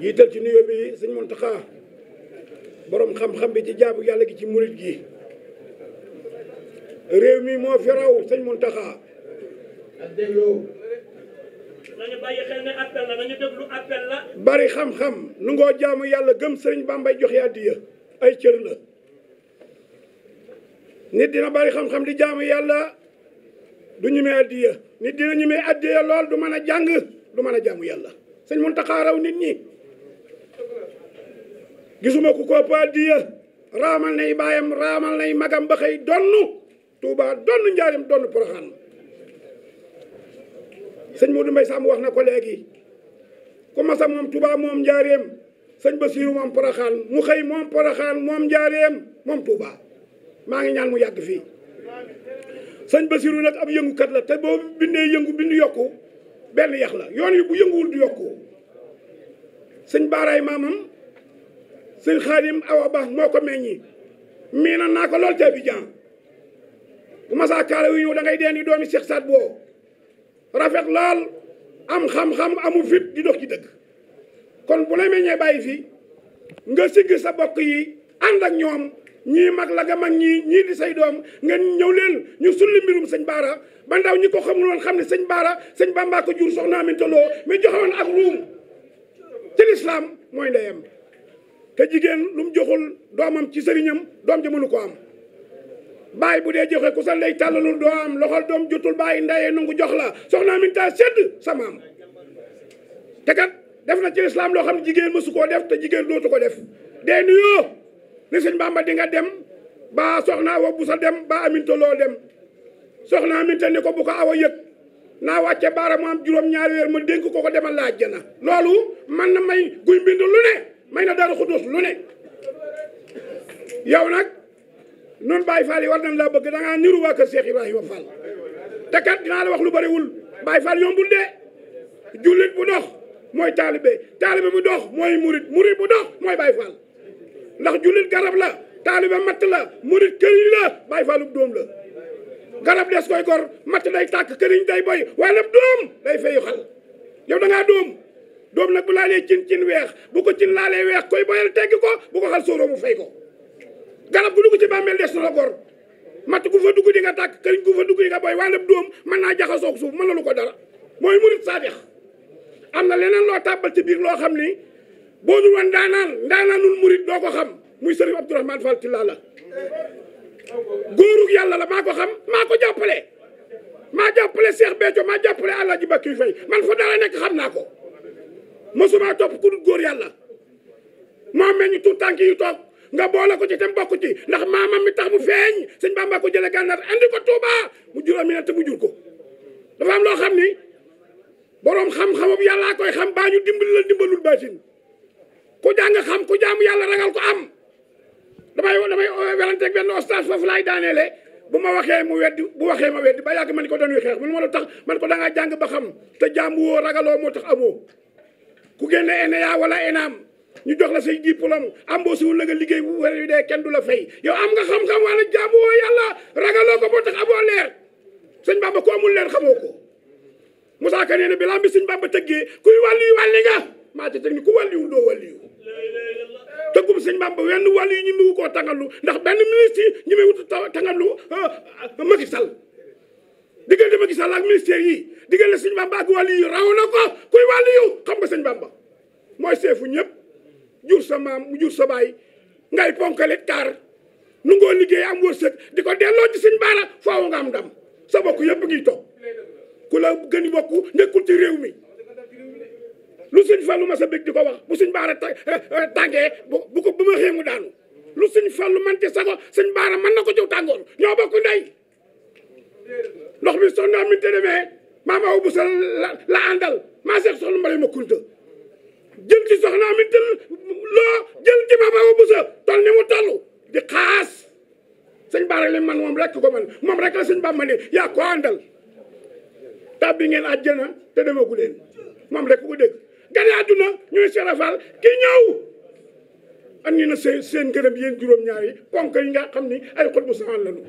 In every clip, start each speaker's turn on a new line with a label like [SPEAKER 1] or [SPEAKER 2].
[SPEAKER 1] jiital ci nuyoo bi sëñ Mountakha xam-xam bi ci jaabu yàlla gi ci murit gi réew mi moo fi raw sëñ Mountakha.
[SPEAKER 2] nañu bàyyi xel ne appel bari
[SPEAKER 1] xam-xam nu jaamu yàlla gëm sëriñ Bambay joxe addiya ay cër la nit dina bari xam-xam di jaamu yàlla du ñemee addiya nit dina ñemee addiya lool du mën a jàng du mën a jaamu yàlla sëñ Mountakha raw nit ñi. gisuma ku ko pa diya raamal nay baayam raamal nay magam ba xëy donnu Touba donnu njaarim donnu Porokhane sëñ Modou Mbaye Samb wax na ko léegi ku masa moom Touba moom njaareem sëñ Basiru moom Porokhane mu xëy moom Porokhane moom njaareem maa ngi ñaan mu yàgg fii sëñ Basiru nag ab yëngukat la te boo bindee yëngu bind yokku benn yax la yoon yi bu yënguwul du yokku sëñ baaraay maamam sëñ xaadim awa ba moo ko meññi miina naa ko lool ca Abidjan bu masaa kaala wi ñëw da ngay deen yi doomi Cheikh Saad Bou rafet lool am xam-xam amu fit di dox ci dëgg kon bu la meññee bàyyi fi nga sigg sa bokk yi ànd ak ñoom ñii mag la mag ñii ñii di say doom ngeen ñëw leen ñu sulli mbirum sëñ Baara ba ndaw ñi ko xamul xam ne sëñ Baara sëñ Bamba ko jur soxna Aminta Lo mi joxewoon ak ruum ci lislaam mooy ndeyam te jigéen lu mu joxul doomam ci sëriñam doom ji mënu ko am baay bu dee joxe ku sa lay tàllalul doo am loxol doom jotul bàyyi ndayee nangu jox la soxna Aminta sedd sa maam te kat def na ci lislaam loo xam jigéen mësu koo def te jigéen dootu ko def dee nuyoo ni sëñ Bàmba di dem ba soxna Awa bu sa dem ba Aminta loo dem soxna Aminta ni ko bu ko awa yëg naa wàcce baara am juróom-ñaari weer ma dénk ko ko demal laaj jana loolu man na may guy mbind mañ na Daaru Xuddoos lu ne yow nag nun Baye Fall yi war nañ laa bëgg da ngaa niru waa kër Cheikh Ibrahima Fall te kat dinaa wax lu bariwul Baye Fall yombul de jullit bu dox mooy taalibe taalibe bu dox mooy murit murit bu dox mooy Baye Fall ndax jullit garab la taalibe matt la murit këriñ la Baye Fallub doom la garab des koy gor matt day tàkk këriñ day boy waaye lépp doom day feyu xal yow da doom doom nag bu laalee cin cin weex bu ko cin laalee weex koy boyal teggi ko bu ko xal sóoroo mu ko garab gu dugg ci bàmmeel des na la gor matt gu fa dugg di nga tàkk këriñ gu fa dugg di nga boy wàllab doom man naa jaxasoo suuf mën na lu ko dara mooy murit saadix am na leneen loo tàbbal ci biir loo xam ni boo ñu woon ndaanaan ndaanaanul murit doo ko xam muy sëriñ Abdourahmane Fall Tilla la góorug yàlla la maa ko xam maa ko jàppale maa jàppale Cheikh Béthio maa jàppale Alaaji Bakki Fay man fa dara nekk xam naa ko mosuma topp ku góor yàlla moo mel ni tout tànk yu toog nga boole ko ci te bokk ci ndax maamam mi tax mu feeñ sëñ Bamba ko jële gànnaar andi ko Touba mu jur Amina te mu jur ko dafa am loo xam ni xam-xamam yàllaa koy xam ñu dimbali la dimbalul baatin ku jàng xam ku jaamu yàlla ragal ko am damay damay uh, weranteeg benn ostage foofu laay daaneele bu ma waxee mu weddi bu waxee ma weddi ba yàgg man ko doon wi xeex man ma la tax man ko da ngaa jàng ba xam te jaamu woo ragaloo moo tax amoo ku génne ENEA wala ENAM ñu jox la say diplôme embauché wul la nga liggéey bu wér yu dee kenn du la fay yow am nga xam-xam wala jaamoo yàlla ragaloo ko boo tax amoo leer sëñ Bamba ko amul leer xamoo ko Moussa Ka nee na bi lambi sëñ Bamba tëggee kuy wàllu wenn wàllu yi ñu ngi koo ndax benn ministre yi ñu ngi wut tàngalu Macky Sall ak ministère yi diggante suñu bamba ak wàllu yu raw na ko kuy wàllu yu xam nga sëñ bamba mooy seefu ñëpp jur sa maam mu jur sa baay ngay ponkale taar nu ngoo liggéey am wërsëg di ko delloo ci suñ baara faaw nga am ndam sa bokk yëpp ngi toog ku la gën a bokk nekkul lu suñ fallu ma sa bég di ko wax bu suñ baara eh, eh, tàngee bu ko bu ma daanu lu suñ fallu mante sago suñ baara mën na ko jëw tàngoor ñoo bokk ndey ndox mi sonn am mi te maama aw busa la àndal maa seex soxna mbare ma kunta jël ci soxna mi tël loo jël ci maama aw busa toll ni mu toll di xaas sëñ Ba rek la man moom rek ko man moom rek la sëñ Ba ma ne yaa ko àndal tàbbi ngeen àjjana te demagu leen moom rek ko dégg gane àdduna ñuy serafal ki ñëw andi na seen seen gërëm yéen juróom-ñaar yi ponk yi nga xam ni ay xut bu saxan lañu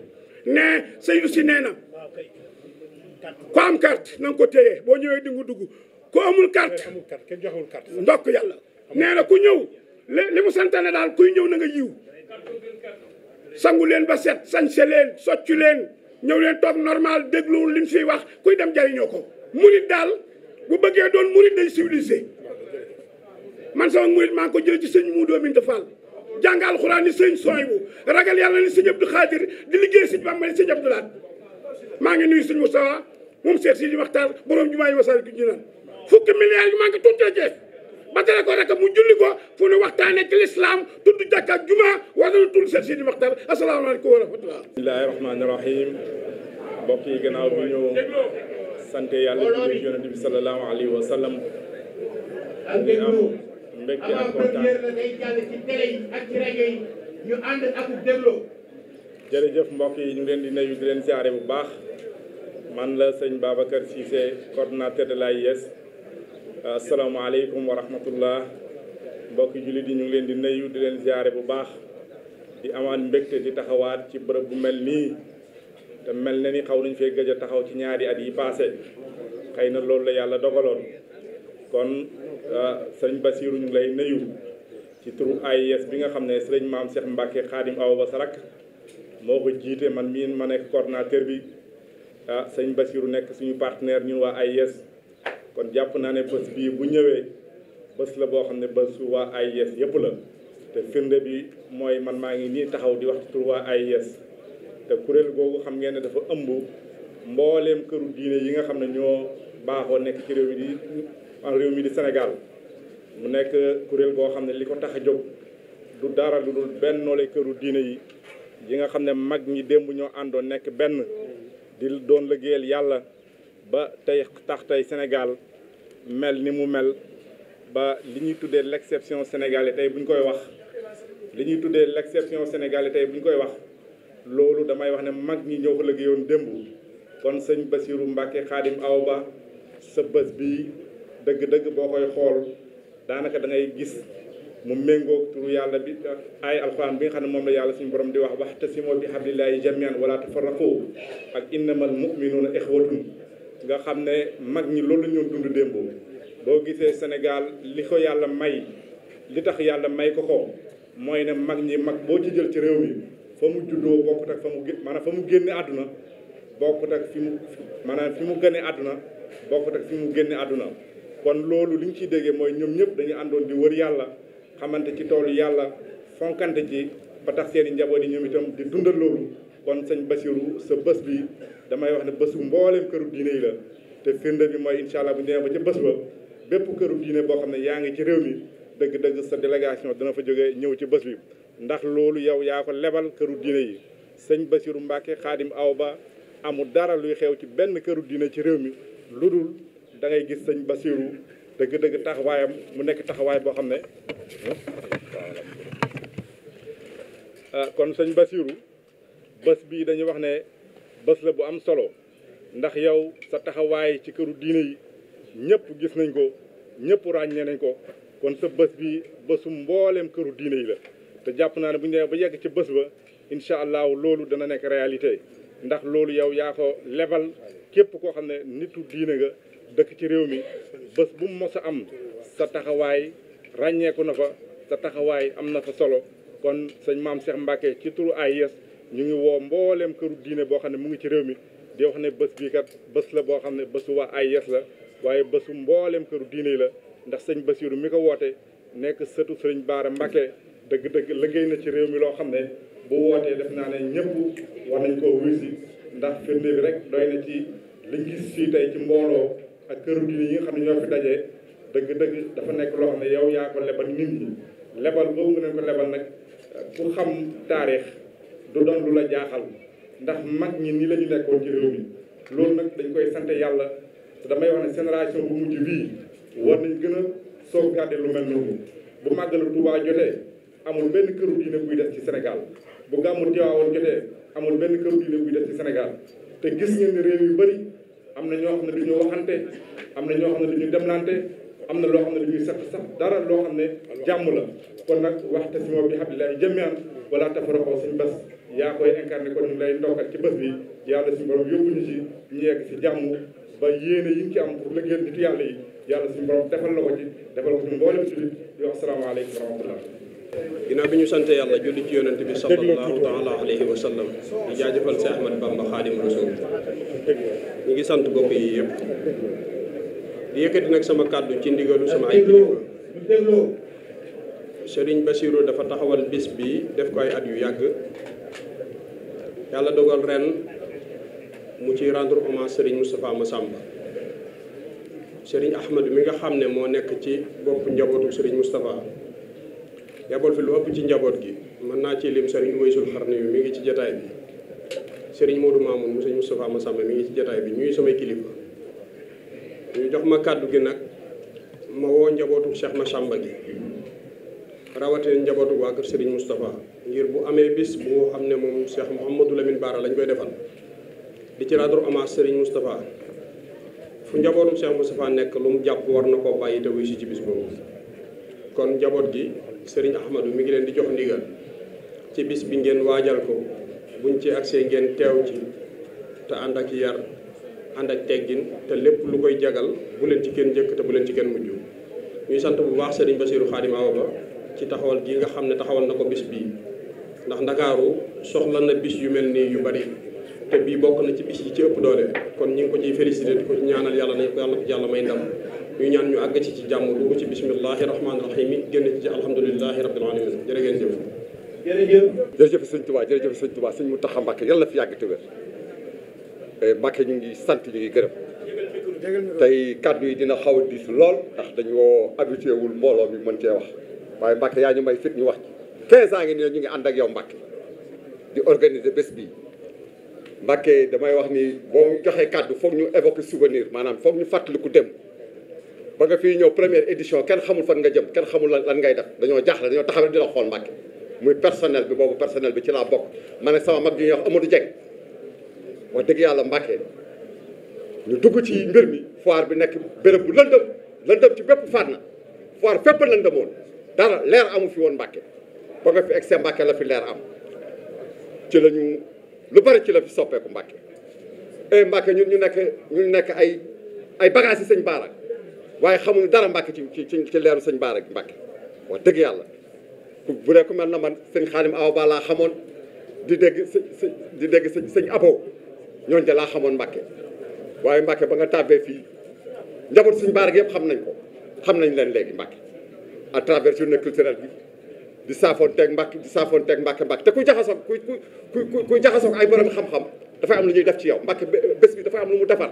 [SPEAKER 1] ne Seydou si nee ku am carte na nga ko téye boo ñëwee di nga dugg ku amul carte ndokk yàlla nee na ku ñëw li mu santane daal kuy ñëw na nga yiw sangu leen ba set sañse leen soccu leen ñëw leen toog normal dégluwul li mu fiy wax kuy dem jariñoo ko murit daal bu bëggee doon murit day civilisé man sama murit maa ngi ko jël ci sëñ mu doomin te Fall jàng alxuraan ni sëñ sooy bu ragal yàlla ni sëñ Abdou Xaadir di liggéey ni sëñ Abdou Laat maa moom Cheikh Sidi Maxtaar borom jumaa yi Wassare mu julli ko fu ñu waxtaanee ci lislaam tudd jàkka ak jumaa wa rahmatullah bismillahi
[SPEAKER 3] rahmaani rahim mbokk yi gannaaw bi ñu sant yàlla julli yonent bi sallallahu alayhi wa sallam yi
[SPEAKER 1] ak ci ñu ànd ak dégloo
[SPEAKER 3] jërëjëf mbokk yi ñu leen di nayu di leen siyaare bu baax man la sëñ Babacar Cissé coordonnateur de l'AIS asalaamaaleykum wa rahmatullah mbokki jullit yi ñu ngi leen di nuyu di leen ziare bu baax di amaan mbégte di taxawaat ci bërëb bu mel nii te mel na ni xaw nañ fee gëj a taxaw ci ñaari at yi paase xëy na loolu la yàlla dogaloon kon euh, sëñ Basiiru ñu lay nuyu ci turu AIS bi nga xam ne sëñ maam Cheikh Mbacke Xaadim Awa sa Sarak moo ko jiite man mii ma nekk coordonnateur bi. ah sëñ Bassirou nekk suñu partenaire ñun waa AIS kon jàpp naa ne bés bii bu ñëwee bés la boo xam ne bésu waa AIS yëpp la te firnde bi mooy man maa ngi nii taxaw di wax ci tur waa AIS te kuréel googu xam ngeen ne dafa ëmb mbooleem këru diine yi nga xam ne ñoo baaxoo nekk ci réew mi di en réew mi di mu nekk kuréel goo xam ne li ko tax a jóg du dara lu dul benn noole këru diine yi yi nga xam ne mag ñi démb ñoo àndoon nekk benn di doon liggéeyal yàlla ba tey tax tey Sénégal mel ni mu mel ba li ñuy tuddee l'exception sénégalais tey bu ñu koy wax li ñuy tuddee l'exception sénégalais tey bu ñu koy wax loolu damay wax ne mag ñi ñoo ko liggéeyoon démb kon sëñ Bassirou Mbacké xaadim aw Ba sa bés bi dëgg-dëgg boo koy xool daanaka dangay gis mu méngoog turu yàlla bi ay alxuraan bi nga xam ne moom la yàlla suñu borom di wax te waxtasimoo bi hablillahi jamian wala tafarraqu ak innamal muminuuna ixwatun nga xam ne mag ñi loolu ñoon dund démb boo gisee Sénégal li ko yàlla may li tax yàlla may ko ko mooy ne mag ñi mag boo ci jël ci réew mi fa mu juddoo bokkut ak fa mu maanaam fa mu génne àdduna bokkut ak fi mu maanaam fi mu gëne àdduna bokkut ak fi mu génne àdduna kon loolu li ciy déggee mooy ñoom ñëpp dañu àndoon di wër yàlla xamante ci toolu yàlla fonkante ci ba tax seen i njaboot yi ñoom itam di dundal loolu kon sëñ Basiru sa bés bi damay wax ne bésu mbooleem këru diine yi la te firnde bi mooy incha allah bu ñu demee ba ca bés ba bépp këru diine boo xam ne yaa ngi ci réew mi dëgg-dëgg sa délégation dana fa jóge ñëw ci bës bi ndax loolu yow yaa ko lebal këru diine yi sëñ Basiru Mbàkke xaadim aw ba amul dara luy xew ci benn këru diine ci réew mi lu dul da ngay gis sëñ Basiru dëgg-dëgg taxawaayam mu nekk taxawaay boo xam ne ah, kon sëñ Basiru bés bii dañu wax ne bés la bu am solo ndax yow sa taxawaay ci këru diine yi ñëpp gis nañ ko ñëpp ràññee nañ ko kon sa bés bi bésu mbooleem këru diine yi la te jàpp naa ne bu ñu demee ba yegg ci bés ba incha allahu loolu dana nekk réalité ndax loolu yow yaa ko lebal képp koo xam ne nitu diine nga dëkk ci réew mi bés bu mu mos a am sa taxawaay ràññeeku na fa sa taxawaay am na fa solo kon sëñ maam seex Mbacke ci turu AIS ñu ngi woo mbooleem këru diine boo xam ne mu ngi ci réew mi di wax ne bés bii kat bés la boo xam ne bésu waa AIS la waaye bésu mbooleem këru diine la ndax sëñ Basiiru mi ko wootee nekk sëtu sëriñ baare Mbacke dëgg-dëgg liggéey na ci réew mi loo xam ne bu wootee def naa ne ñëpp war nañ koo wuy si ndax firnde rek doy na ci liñ gis fii tey ci mbooloo ak këru diine yi nga xam ne ñoo fi dajee dëgg-dëgg dafa nekk loo xam ne yow yaa ko lebal nit ñi lebal boobu nga ne ko lebal nag ku xam taarix du doon lu la jaaxal ndax mag ñi nii la ñu nekkoon ci réew mi loolu nag dañ koy sant yàlla damay wax ne génération bu mujj bii war nañ gën a sauvegarde lu mel noonu bu màggalu Tuubaa jotee amul benn kër diine buy des ci Sénégal bu gàmmu Tiwaawoon jotee amul benn këru diine buy des ci Sénégal te gis ngeen réew yu am na ñoo xam ne du ñu waxante am na ñoo xam ne du ñu demlante am na loo xam ne du ñuy sax sax dara loo xam ne jàmm la kon nag waxta si moom bi hablillahi jamian wala tafarraqu suñu bés yaa koy incarné kon ñu lay ndokkal ci bés bi yàlla si borom yóbbu ñu ci ñu yegg ci jàmm ba yéene yi nga ci am pour liggéeyal nitu yàlla yi yàlla si borom defal la ko ci defal ko ci mboolem ci di wax salaamaaleykum wa rahmatullah
[SPEAKER 4] ginnaaw bi ñu sante yàlla julli ci yonent bi sallallahu taala alayhi wa sallam di jaajëfal si Ahmad Bamba Xaadim Rasul ñu ngi sant bopp yi yëpp di yëkkati nag sama kàddu ci ndigalu sama ay
[SPEAKER 5] kilifa
[SPEAKER 4] Serigne Bassirou dafa taxawal bis bi def ko ay at yu yàgg yàlla dogal ren mu ci rendre hommage Serigne Moustapha Massamba sëriñ Ahmad mi nga xam ne moo nekk ci bopp njabootu Serigne Moustapha yabal fi lu ëpp ci njaboot gi mën naa ci lim sëriñ Waysul Xarni yu mu ngi ci jataay bi sëriñ Modou Mamoun mu sëriñ Moustapha Massamba mi ngi ci jataay bi ñuy samay kilifa ñu jox ma kàddu gi nag ma woo njabootu Cheikh Massamba gi rawatina njabootu waa kër sëriñ Moustapha ngir bu amee bis boo xam ne moom Cheikh Mouhamadou Lamine Bara lañ koy defal di ci raadru amaas sëriñ Moustapha fu njabootum Cheikh Moustapha nekk lu mu jàpp war na koo bàyyi te wuy ci bis boobu kon njaboot gi sëriñ Ahmadou mi ngi leen di jox ndigal ci bis bi ngeen waajal ko buñ ci agsee ngeen teew ci te ànd ak yar ànd ak teggin te lépp lu koy jagal bu leen ci kenn njëkk te bu leen ci kenn mujj ñuy sant bu baax sëriñ Basiiru Xaadim Awa Ba ci taxawal gi nga xam ne taxawal na ko bis bii ndax ndakaaru soxla na bis yu mel nii yu bari te bii bokk na ci bis yi ci ëpp doole kon ñu ngi ko ciy félicité di ko ci ñaanal yàlla nañ ko yàlla may ndam ñu ñaan ñu àgg ci ci jàmm dugg ci bismillahi rahmaani rahim yi génn ci alhamdulilahi rabbil alamin jërë ngeen jëf jërëjëf jërëjëf sëñ Tuubaa jërëjëf sëñ Tuubaa
[SPEAKER 6] mu Muntaxa Mbàkke yàlla fi yàgg te wér eh, Mbàkke ñu ngi sant ñu ngi gërëm tey kàddu yi dina xaw a diis lool ndax dañoo habitué wul mbooloo mi mën cee wax waaye Mbàkke yaa ñu may fit ñu wax ci 15 ans ngi ne ñu ngi ànd ak yow Mbàkke di organiser bés bi Mbàkke damay wax ni boo joxee kàddu foog ñu évoquer souvenir maanaam foog ñu fàttaliku dem ba nga fii ñëw première édition kenn xamul fan nga jëm kenn xamul lan ngay def dañoo jaaxle dañoo taxaw rek di la xool Mbàkke muy personnel bi boobu personnel bi ci laa bokk ma ne sama mag yi ñuy wax Amadou dëgg yàlla Mbàkke ñu dugg ci mbir mi foire bi nekk béréb bu lëndëm lëndëm ci bépp faat na foire fépp lëndëmoon dara leer amu fi woon Mbàkke ba nga fi egce la fi leer am ci la lu bari ci la soppeeku Mbàkke e Mbàkke ñun ñu nekk ñu nekk ay ay bagages yi sëñ Baara waaye xamuñu dara Mbàkke ci ci ci leeru sañ Baara Mbàkke wax dëgg yàlla bu dee ku mel na man sëñ Xaadim Awa Ba laa xamoon di dégg sëñ di dégg sëñ sëñ Abo ñooñu de laa xamoon Mbàkke waaye Mbàkke ba nga tàbbee fii njaboot sëñ Baara gi yëpp xam nañ ko xam nañ leen léegi Mbàkke à travers journée culturelle bi di saafoonteeg Mbàkke di saafoonteeg Mbàkke Mbàkke te kuy jaxasoog kuy kuy kuy jaxasoog ay borom xam-xam dafay am lu ñuy def ci yow Mbàkke bes bi dafay am lu mu defar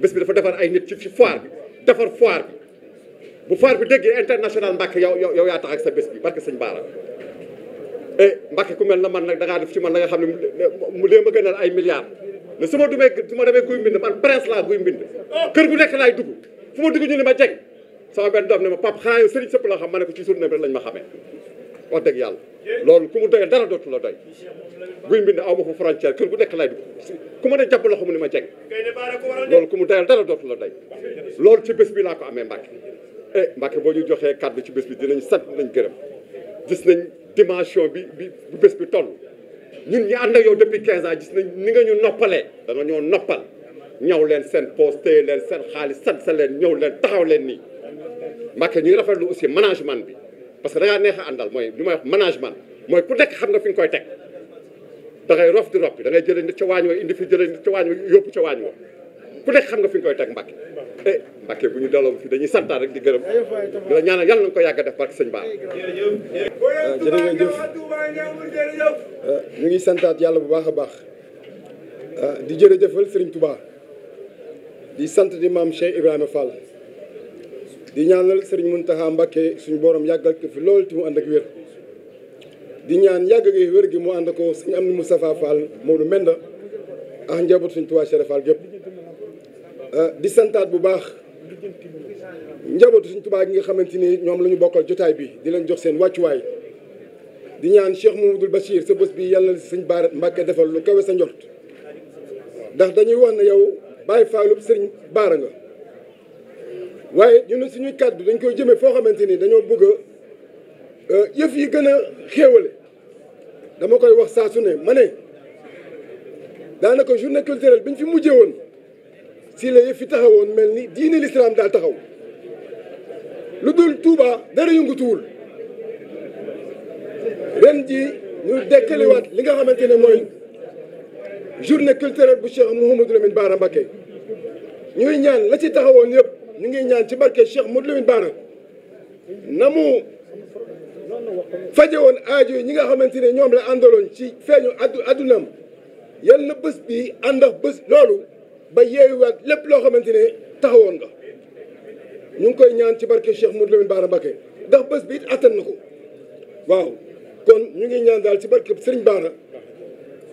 [SPEAKER 6] bés bi dafa defar ay nit ci foire defar foire bi bu foire bi déggee international Mbacke yow yow yaa tax ak sa bés bi barke sëñ Baara e eh, ku mel na man nag da ngaa def ci man la nga xam ne mu lee ma gënal ay milliards ne su ma dumee ma demee guy mbind man prince laa guy mbind kër gu nekk laay dugg fu ma dugg ñu ne ma jeg sama benn doom ne ma pap xanaa yow sëriñ sëpp la xam ma ne ko ci journée bi lañ ma xamee wax dëgg yàlla loolu ku mu doyee dara dootu la doy guy mbind aw ma fa frontière kër gu nekk laay dugg ku ma ne jàpp loxo mu ni ma jeng loolu ku mu doyal dara dootu la doy loolu ci bés bi laa ko amee Mbacke eh Mbacke boo ñu joxee kàddu ci bés bi dinañ sant nañ gërëm gis nañ dimension bi bi bés bi toll ñun ñi ànd yow depuis quinze ans gis nañ ni nga ñu noppalee dana ñoo noppal ñaw leen seen poste téye leen seen xaalis sant sa leen ñëw leen taxaw leen nii Mbacke ñu ngi rafetlu aussi management bi parce que da neex a àndal mooy li may wax management mooy ku nekk xam nga fi nga koy teg da ngay rof di rof da ngay jëlee nit ca waañ wa indi fi jëlee nit ca waañ wa yóbbu ca waañ wa ku nekk xam nga fi nga koy teg Mbacke eh bu ñu delloo fi dañuy santaat rek di gërëm di la ñaanal ko yàgg a def barke sëñ Ba
[SPEAKER 7] ñu ngi santaat yàlla bu baax a baax eh, di jërëjëfal Serigne Touba di sant di maam Cheikh Ibrahima Fall di ñaan ñaanal sëriñ Muntaxa Mbàkke suñu borom yàggal ko fi loolu ti mu ànd ak wér di ñaan yàgg gi wér gi mu ànd ako suñu am ni Moustapha Fall Maodo Menda ak njaboot suñu Tuubaa Cheikh Fall gépp euh, di santaat bu baax njabootu suñu Tuubaa gi nga xamante ni ñoom la ñu bokkal jotaay bi di leen jox seen wàccuwaay di ñaan Cheikh Mamadou Bachir sa bés bi yàlla na sëñ Baara Mbàkke defal lu kawe sa njort ndax dañuy wax ne yow bàyyi faalub sëriñ Baara nga waaye ñu ne suñuy kàddu dañ koy jëmee foo xamante ni dañoo bëgg euh, yëf yi gën a xéewale dama koy wax saa su ne ma daanaka journée culturelle bi ñu fi mujjee woon si la yëf yi taxawoon mel ni diine l'islam daal taxaw lu dul Touba dara yëngutuwul ren ji ñu dekkaliwaat li nga xamante ne mooy journée culturelle bu Cheikh Mouhamadou Lamine Bara Mbacké ñuy ñaan la ci taxawoon yëpp. ñu ngi ñaan ci barke Cheikh Modou Lamine Bara na mu faje woon aajo ñi nga xamante ne ñoom la àndaloon ci feeñu addu addunam yal na bés bi ànd ak bés loolu ba yeeyuwaat lépp loo xamante ne taxawoon nga ñu ngi koy ñaan ci barke Cheikh Modou Lamine Bara Mbacké ndax bés bi it attan na ko waaw kon ñu ngi ñaan daal ci barke Sëriñ Bara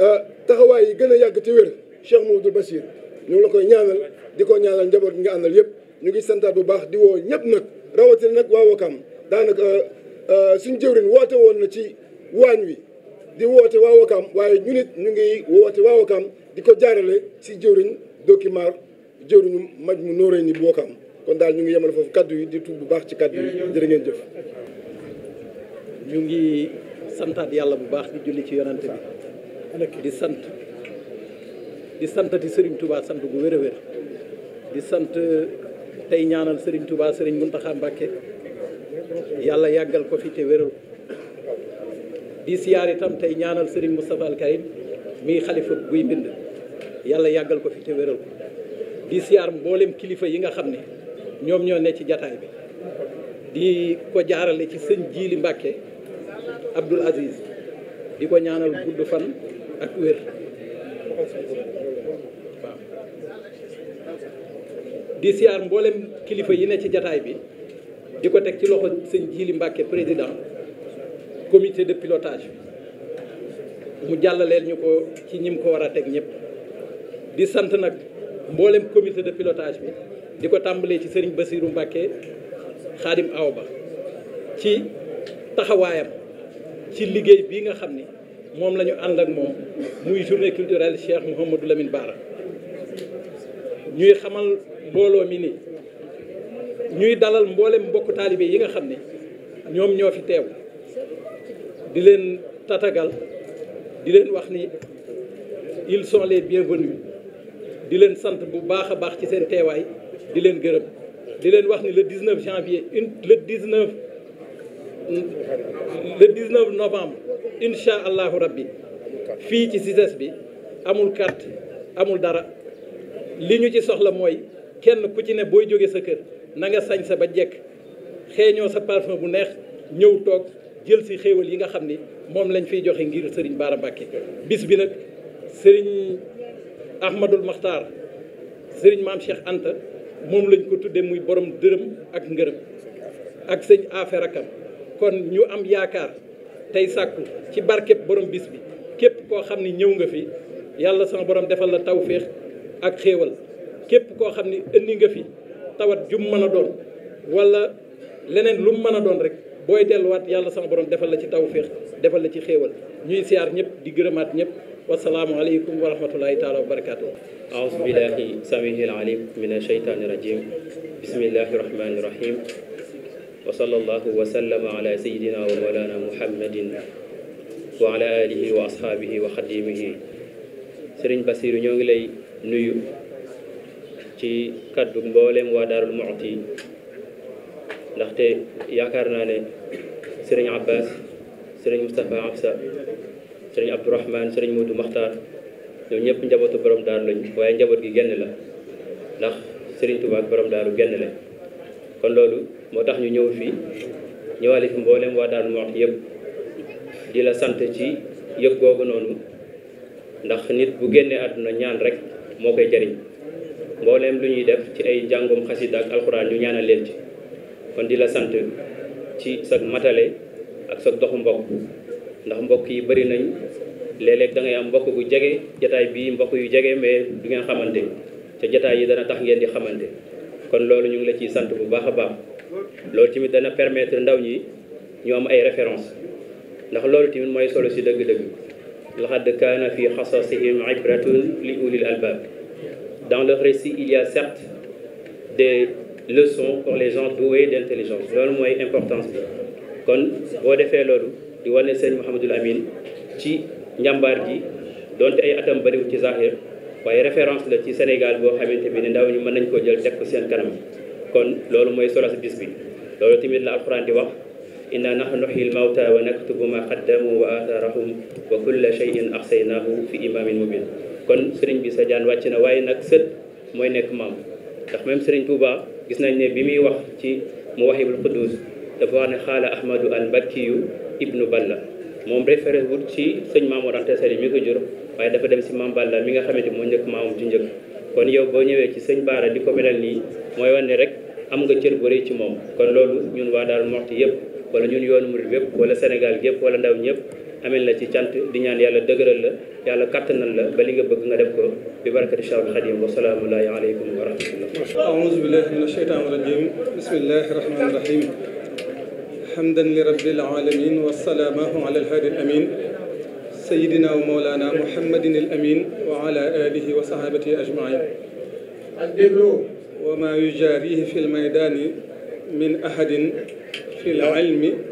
[SPEAKER 7] euh, taxawaay yi gën a yàgg te wér Cheikh Modou Bassir ñu ngi la koy ñaanal di ko ñaanal njaboot gi nga àndal yëpp ñu ngi santaat bu baax di woo ñëpp nag rawatina nag waa Wakaam daanaka euh, euh, suñu jëwrin woote woon na ci waañ wi di woote waa Wakaam waaye ñu nit ñu ngi woote waa Wakaam di ko jaarale si jëwriñ document jëwriñu maj mu nóoree ni bu Wakaam kon daal ñu ngi yemal foofu kàddu yi di tuub bu baax ci kàddu yi jërë ngeen jëf
[SPEAKER 8] ñu ngi santaat yàlla bu baax di julli ci yonante bi di sant di santati Serigne Touba sant gu wér a wér di sant tey ñaanal Serigne Touba Serigne Mountakha Mbacké yàlla yàggal ko fi te wéral di siyaar itam tey ñaanal sëriñ Moustapha Al Karim muy xalifa buy bind yàlla yàggal ko fi te wéral ko di siyaar mboolem kilifa yi nga xam ne ñoom ñoo ne ci jataay bi di ko jaarale ci sëñ Jiili Mbacké Abdoul Aziz di ko ñaanal gudd fan ak wér di siyaar mboolem kilifa yi ne ci jataay bi di ko teg ci loxo sëñ Jili Mbàkke président comité de pilotage mu jàllaleel ñu ko ci ñim ko war a teg ñëpp di sant nag mboolem comité de pilotage bi di ko tàmbalee ci sëriñ Basiiru Mbàkke Xaadim Awa Ba ci taxawaayam ci liggéey bii nga xam ni moom lañu ñu ànd ak moom muy journée culturelle Cheikh Mouhamadou Lamine Bara ñuy xamal mbooloo mi nii ñuy dalal mboolem mbokk taalibe yi nga xam ne ñoom ñoo fi teew di leen tatagal di leen wax ni ils sont les bienvenus di leen sant bu baax a baax ci seen teewaay di leen gërëm di leen wax ni le 19 janvier une le 19 le 19 novembre incha allahu rabbi fii ci CICES bi amul carte amul dara li ñu ci soxla mooy kenn ku ci ne booy jóge sa kër. na nga sañ sa ba jekk xeeñoo sa parfum bu neex ñëw toog jël si xéewal yi nga xam ni moom lañ fiy joxe ngir Serigne Bara Mbacké bis bi nag sëriñ Ahmadul Maxtaar sëriñ Maam Cheikh Anta moom lañ ko tuddee muy borom dërëm ak ngërëm ak sëñ affaire akam kon ñu am yaakaar tey sàkku ci barkeb borom bis bi képp koo xam ni ñëw nga fi yàlla sama borom defal la tawféex ak xéewal képp koo xam ni indi nga fi tawat jum mën a doon wala leneen lu mu mën a doon rek booy delluwaat yàlla sama borom defal la ci tawféex defal la ci xéewal ñuy siyaar ñëpp di gërëmaat ñëpp
[SPEAKER 2] wasalaamu aleykum wa rahmatullahi taala wa barakaatu aousu billahi samihil alim min asheytaani rajim bismillahi rahmani rahim wa sallallahu wa sallama ala sayidina wa mawlana wa ala wa ashaabihi wa xadimihi sëriñ basiru ñoo ngi lay nuyu ci kaddu mbooleem waa daal Muxti yi ndaxte yaakaar naa ne sëriñ Abbas sëriñ Moustapha Absa sëriñ Abdourahman sëriñ Modou Makhtar ñoom ñëpp njabootu borom daaru lañ waaye njaboot gi genn la ndax sëriñ Touba borom daaru genn la kon loolu moo tax ñu ñëw fii ñëwaale fi mbooleem waa daal Muxti yëpp di la sant ci yëg googu noonu ndax nit bu génnee àdduna ñaan rek moo koy jariñ mbooleem lu ñuy def ci ay njàngum xasit ak alxuraan ñu ñaanal leen ci kon di la sant ci sa matale ak sa doxu mbokk ndax mbokk yi bëri nañ léeg-léeg da ngay am mbokk bu jege jataay bii mbokk yu jege mais du ngeen xamante te jataay yi dana tax ngeen di xamante kon loolu ñu ngi la ciy sant bu baax a baax loolu tamit dana permettre ndaw ñi ñoom ay référence ndax loolu tamit mooy solo si dëgg-dëgg laxad kaana fi xasasihim ibratun li ulil albab dans leur récit il y a certes des leçons pour les gens doués d'intelligence loolu mooy importance bi kon boo defee loolu di wane sëñ Mouhamadul Amin ci njàmbaar gi donte ay atam bariwul ci zahir waaye référence la ci Sénégal boo xamante bi ne ndaw ñi mën nañ koo jël teg ko seen kanam kon loolu mooy solo si bis bi loolu tamit la alquran di wax inna nax nuhyi lmawta wa naktubu ma qaddamu wa atharahum wa kulla shay'in ahsaynaahu fi imamin mubin kon sëriñ bi sa jaan wàcc na waaye nag sët mooy nekk maam ndax même sëriñ Touba gis nañ ne bi muy wax ci mu waxibul quddus dafa wax ne xaala ahmadu al bakkiyu ibnu balla moom référé wut ci sëñ Mamour Anta Sali mi ko jur waaye dafa dem si maam balla mi nga xamante moo njëkk maamam ju njëkk kon yow boo ñëwee ci sëñ Baara di ko melal nii mooy wane rek am nga cër bu rëy ci moom kon loolu ñun waa daal moxti yëpp wala ñun yoonu murid yëpp wala Sénégal yëpp wala ndaw ñëpp amel la ci cant di ñaan yàlla dëgëral la yàlla kattanal la ba li nga bëgg nga def ko bi barakati Cheikhul Khadim wa salaamu aleykum wa rahmatullah
[SPEAKER 5] aouzu billahi min asheytaan rajim bismillahi rahmani rahim hamdan li rabbil alamin wa salaamuhu ala alhaadi al amin sayidina wa mawlana muhammadin al amin wa ala alihi wa sahabatihi ajmain wa ma yujaarihi fi lmaydani min ahadin fi l ilmi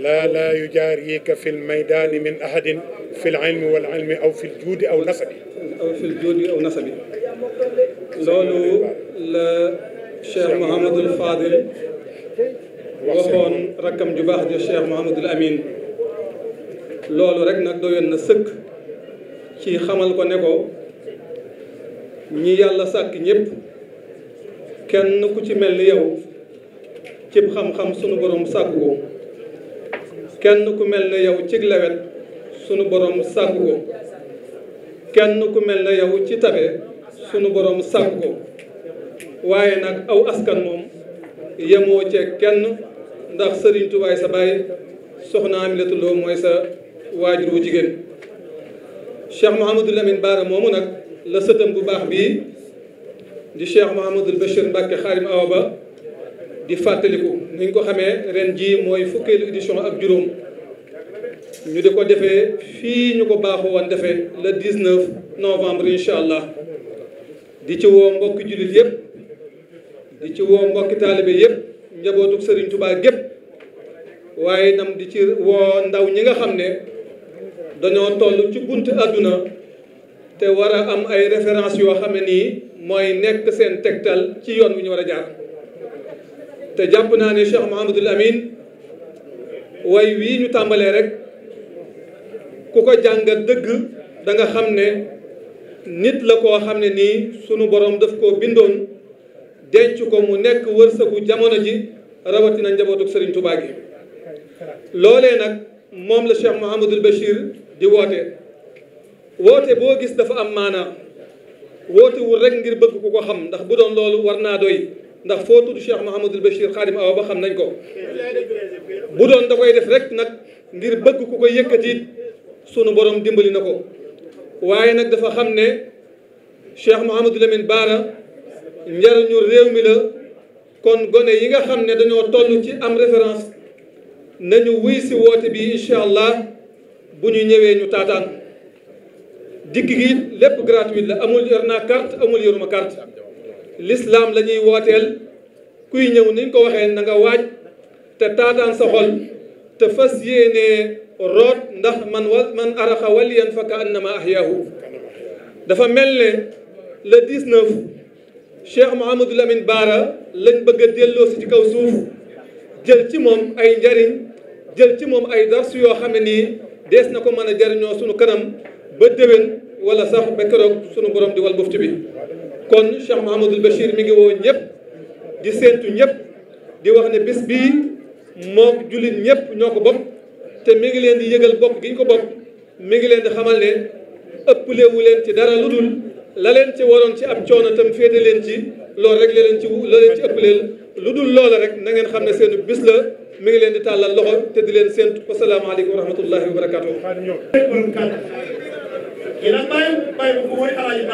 [SPEAKER 1] laa laa yujaarika fi lmaydaani min ahadin fi lilmi wal ilmi aw fi
[SPEAKER 5] ljuudi aw nasabi aw fi ljuudi aw nasabi loolu la Cheikh Mouhamadul Fadil waxoon rakkam ju baax di Cheikh Mouhamadul Amin loolu rek nag doyoon na sëkk ci xamal ko ne ko ñi yàlla sàkk ñëpp kenn ku ci mel ni yow cib xam-xam sunu borom sàkk kenn ku mel na yow ci lewet sunu borom sàkk ko kenn ku mel na yow ci tabe sunu borom sàkk ko waaye nag aw askan moom yemoo cee kenn ndax sëriñ tubaay sa baay soxna mooy sa waajur wu jigéen Cheikh Mouhamadul Amin Baara moomu nag la sëtam bu baax bi di Cheikh Mouhamadul Bachir Mbacke xaarim awa di fàttaliku ni ñu ko xamee ren jii mooy fukkeelu édition ak juróom ñu di ko defee fii ñu ko baaxoo woon defee le 19 novembre incha allah di ci woo mbokki jullit yëpp di ci woo mbokki taalibe yëpp njabootuk Serigne Touba gépp waaye nam di ci woo ndaw ñi nga xam ne dañoo toll ci bunt àdduna te war a am ay référence yoo xam ne nii mooy nekk seen tegtal ci yoon wi ñu war a jaar te jàpp naa ne Cheikh Mouhamadoul Amine way wii ñu tàmbalee rek ku ko jàngat dëgg danga xam ne nit la koo xam ne nii sunu borom daf koo bindoon denc ko mu nekk wërsëgu jamono ji rawatina njabootu sëriñ Touba gi loolee nag moom la Cheikh Mouhamadoul Bachir di woote woote boo gis dafa am maanaa wootewul rek ngir bëgg ku ko xam ndax bu doon loolu war naa doy ndax foo tudd Cheikh Mouhamadul Bachir Xaadim Awa ba xam nañ ko bu doon da koy def rek nag ngir bëgg ku koy yëkkati sunu borom dimbali na ko waaye nag dafa xam ne Cheikh Mouhamadou Lamine Baara njariñu réew mi la kon gone yi nga xam ne dañoo toll ci am référence nañu wuy si woote bi incha allah bu ñu ñëwee ñu taataan dikk gi lépp gratuit la amul yor naa carte amul yoruma carte l'islam la ñuy wooteel kuy ñëw niñ ko waxee nanga nga te taataan sa xol te fas yéenee root ndax man wa man araxa waliyan fa ka annama ahyahu dafa mel ne le 19 Cheikh Mouhamadou Lamine Baara lañ bëgg a delloo ci kaw suuf jël ci moom ay njariñ jël ci moom ay darsu yoo xam ne nii des na ko mën a jariñoo sunu kanam ba déwén wala sax ba keroog sunu borom di wal bufti bi kon Cheikh Mouhamadul Bachir mi ngi woo ñëpp di séentu ñëpp di wax ne bis bii mook jullit ñëpp ñoo ko bopp te mi ngi leen di yëgal bopp gi ñu ko bopp mi ngi leen di xamal ne ëpplewu leen ci dara lu dul la leen ci waroon ci ab coono tam féete leen ci loolu rek la leen la leen lu dul loola rek na ngeen xam ne seen bis la mi ngi leen di tàllal loxo te di leen séentu wasalaamaaleykum wa rahmatullahi wa
[SPEAKER 1] barakatuh ilan bàyyi bàyyi bu wëri alaaji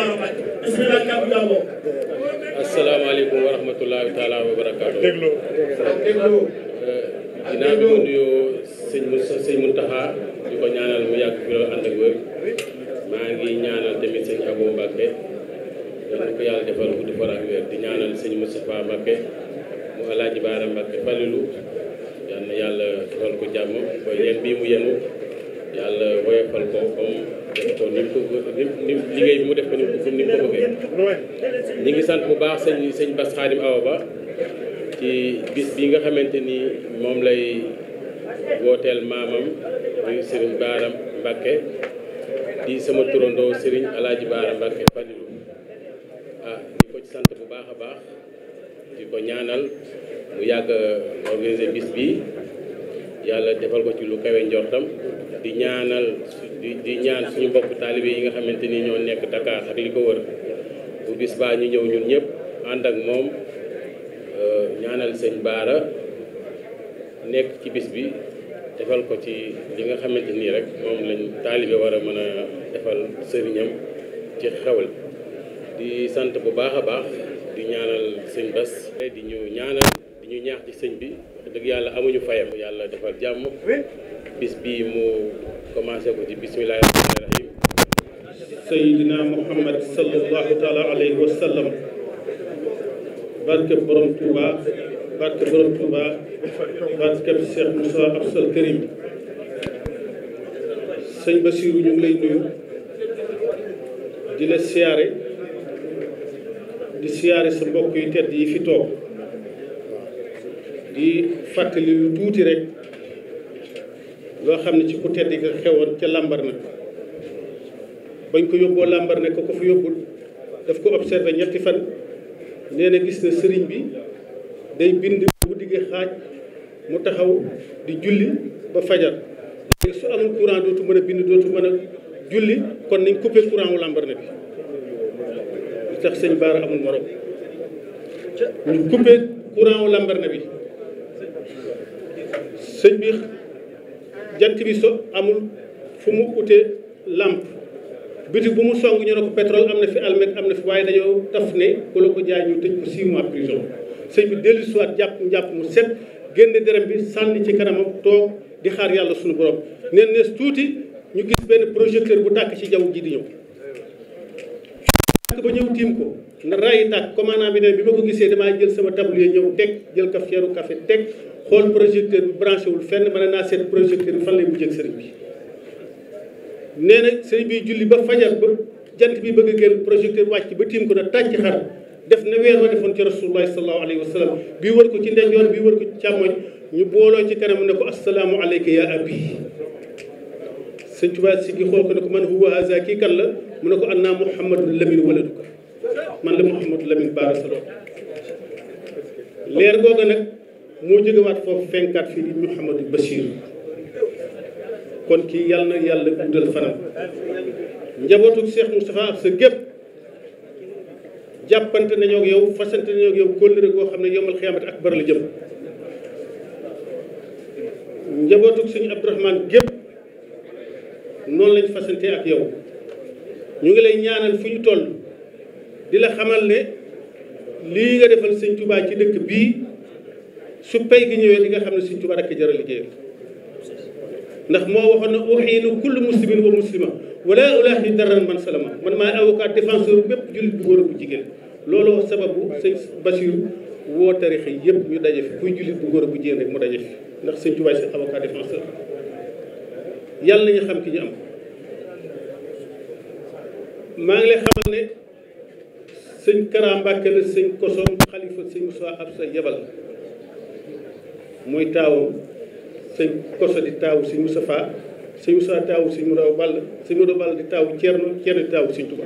[SPEAKER 9] wa barakaatu déglu déglu ginnaaw bi ma nuyoo sëñ mu sëñ Muntaxa ko ñaanal mu yàgg fi loolu ak wër maa ngi ñaanal tamit sëñ Abo Mbàkke yal na ko yàlla defal guddi fan ak weer di ñaanal sëñ Moustapha Mbàkke mu alaaji baara Mbàkke falilu yàlla defal ko jàmm koy leen bii mu yenu defal ko comme def ni liggéey bi mu def ko ni mu ko bëggee ñi ngi sant bu baax sëñ sëñ Bass Khadim Awa Ba ci bis bi nga xamante ni moom lay wooteel maamam muy Serigne Bara Mbacké di sama turandoo sëriñ Alaaji Bara Mbacké Falilu ah di ko sant bu baax a baax di ko ñaanal mu yàgg organiser bis bi yàlla defal ko ci lu kawe njortam di ñaanal di ñaan suñu mbokk taalibe yi nga xamante ni ñoo nekk Dakar ak li ko wër bu bis baa ñu ñëw ñun ñëpp ànd ak moom euh, ñaanal sëñ Baara nekk ci bis bi defal ko ci li nga xamante nii rek moom lañu taalibe war a mën a defal sëriñam ci xewal di sant bu baax a baax di ñaanal sëñ te di ñu ñaanal ñuy ñaax ci sëñ bi dëgg yàlla amuñu fayam yàlla defal jàmm bis bii mu commencé ko ci bismillahi rahmaani rahim sayidina muhammad sallallahu taala alayhi wa
[SPEAKER 10] borom Touba barke borom Touba barke Cheikh Moussa Absal Karim ñu lay nuyu di siyaare di siyaare sa mbokk yu tedd yi fi toog di fàttali lu tuuti rek loo xam ne ci ku tedd nga xewoon ca làmbar bañ ko yóbboo làmbar ne ko ko fa yóbbul daf ko observé ñetti fan nee gis na sëriñ bi day bind bu diggee xaaj mu taxaw di julli ba fajar léegi su amul courant dootu mën a bind dootu mën a julli kon nañ coupé courant wu làmbar na bi li tax sëñ Baara amul morom ñu coupé courant wu làmbar bi sëñ bi jant bi so amul fu mu ute làmp bitig bu mu song ñu ne ko am na fi almet am na fi waaye dañoo taf ne ku ko jaay ñu tëj ko six prison sëñ bi dellu siwaat jàpp njàpp mu set génne dërëm bi sànni ci kanamam toog di xaar yàlla suñu borom neen nees tuuti ñu gis benn projecteur bu tàkk ci jaww ji di ñëw tàkk ba ñëw tiim ko raay tàkk commandant bi ne bi ma ko gisee damaa jël sama tablier ñëw teg jël cafetière u café teg xool projecteur bi branché wul fenn mën naa seet projecteur bi fan lay mujjee ak sëriñ bi nee na sëriñ bi julli ba fajar ba jant bi bëgg a génn projecteur wàcc ba tiim ko na tàcc xar def na weer wa defoon ci rasulullah sallallahu alayhi wa bii wër ko ci ndeyjoor bii wër ko ci càmmoñ ñu booloo ci kanam ne ko asalaamu aleyka ya abi sëñ Tuubaa si gi xool ko ne ko man huwa kii kan la mu ne ko annaa muhammadun lamin waladuka man la Mouhamadou Lamine Bara Sall leer googa nag moo jógewaat foofu fenkaat fii di Mouhamadou Bachir kon kii yàlla na yàlla guddal fanam njabootu Cheikh Moustapha ak sa gépp jàppante nañoo ak yow fasante nañoo ak yow kóllëre goo xam ne yombal xiyaamati ak bara la jëm njabootu suñu Abdourahmane gépp noonu lañ fasante ak yow ñu ngi lay ñaanal fu ñu toll di la xamal ne li nga defal sëñ Touba ci dëkk bii su pay gi ñëwee li nga xam ne sëñ Touba rekk jaral liggéeyal ndax moo waxoon ne uxiinu kullu muslimin wa muslima wala ulaahi daran man salama man maay avocat défenseur bépp jullit bu góor a bu jigéen looloo sababu sëñ Basiru woo tarix yi yëpp ñu daje fi kuy jullit bu góor a bu ndax sëñ Touba si avocat défenseur yàlla xam ki ñu maa ngi lay xamal ne sëñ Kara Mbàkke la sëñ Kosom xalifa sëñ Moussa Absa yebal muy taawu sëñ Koso di taawu sëñ Moussa Fa taawu sëñ Mouraw Ball sëñ Mouraw Ball di taawu Thierno Thierno di taawu sëñ Touba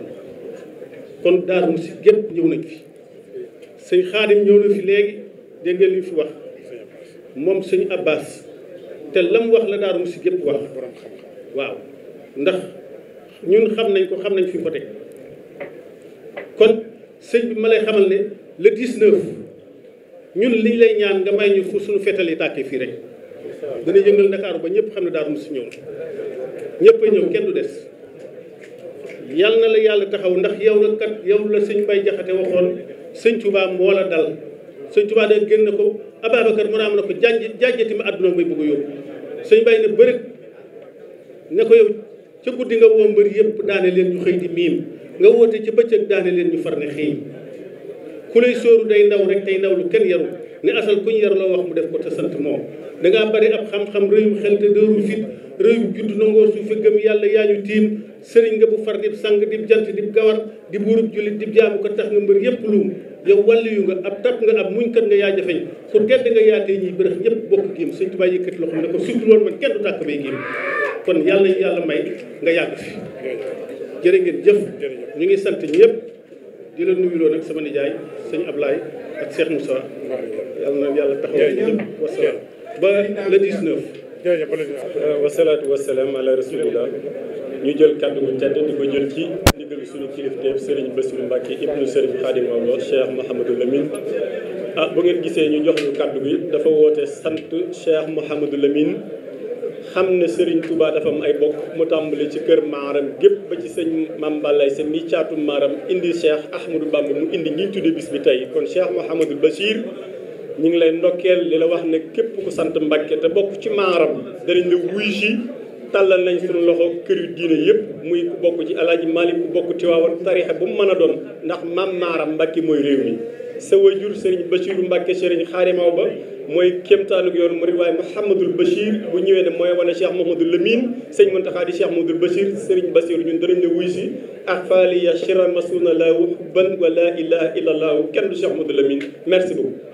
[SPEAKER 10] kon daar si gépp ñëw nañ fi sëñ Xaadim ñëw na fi léegi dégg ngeen li fi wax moom sëñ Abbas te lam wax la daar mu si gépp wax waaw ndax ñun xam nañ ko xam nañ fi mu ko kon sëñ bi ma lay xamal ne le 19 ñun liñ lay ñaan nga may ñu fu suñu fetal yi tàkkee fii rek dana yëngal Ndakaaru ba ñëpp xam ne Darou si ñëw ñëpp a ñëw kenn du des yal na la yàlla taxaw ndax yow la kat yow la sëñ Baye Jaxate waxoon sëñ Touba moo la dal sëñ Touba da génn ko Ababacar mu am na ko jaajë jaajëti ma àdduna may bëgg a yóbbu sëñ Baye ne bërëg ne ko yow ca guddi nga woo mbër yëpp daane leen ñu xëy di miim. nga woote ci bëccëg daane leen ñu far ne xëy ku lay sóoru day ndaw rek tey ndaw lu kenn yaru ne asal kuñ yar la wax mu def ko te sant moom dangaa bari ab xam-xam réyum xel te dëru fit réyum judd nangoo su fëggam yàlla yaa ñu tiim sëriñ nga bu far dib sang dib jant dib gawar di buurub jullit dib jaamu ko tax nga mbër yépp luum yow wàllu yu nga ab tap nga ab muñkat nga yaa jafeñ ku tedd nga yaatee ñiy bërëx ñëpp bokk géem sëñ Tuubaa yëkkati loxo ne ko sudul woon man kenn du tàkk bay géem kon yàlla yàlla may nga yàgg fi jërë ngeen jëf ñu ngi sant ñëpp di la nuyuloo nag sama nijaay sëñ Ablaye ak Cheikh
[SPEAKER 11] Moussa am na yàlla tax taxaw wasalaam ba le 19 wasalaatu wasalaam ala rasulillah ñu jël kàddu gu tedd di ko jël ci ndigalu suñu kilifteef Serigne Bassirou Mbacke ibnu Serigne Khadim Maodo Cheikh Mouhamadou Lamine ah bu ngeen gisee ñu jox kàddu gi dafa woote sant Cheikh Mouhamadou Lamine xam ne Serigne Touba dafa am ay bokk mu tàmbali ci kër maaram gépp ba ci sëñ Mame Balaye sa mi caatum maaram indi Cheikh Ahmadou Bamba mu indi ñi tudde bis bi tey kon Cheikh Mouhamadul Bachir ñu ngi lay ndokkeel di la wax ne képp ku sant Mbàkke te bokk ci maaram danañ la wuy si tàllal nañ suñu loxo kër yu diine yëpp muy bokk ci alaaji Malick ku bokk Tiwaawan tarixa bu mu mën a doon ndax maam Maaram Mbàkke mooy réew mi sa wajur Serigne Bachir Mbacke Serigne xaarimaw ba mooy kéemtaalug yoonu murid waaye Mouhamadul Bachir bu ñëwee ne mooy wane Cheikh Mouhamadul Lamine sëñ Muntaxa di Cheikh Mouhamadul Bachir Serigne Bachir ñun danañ ne wuy si ak faali ya shiran masuna laahu xubban wa laa ilaha illa allaahu kenn du Cheikh Mouhamadul Lamine merci beaucoup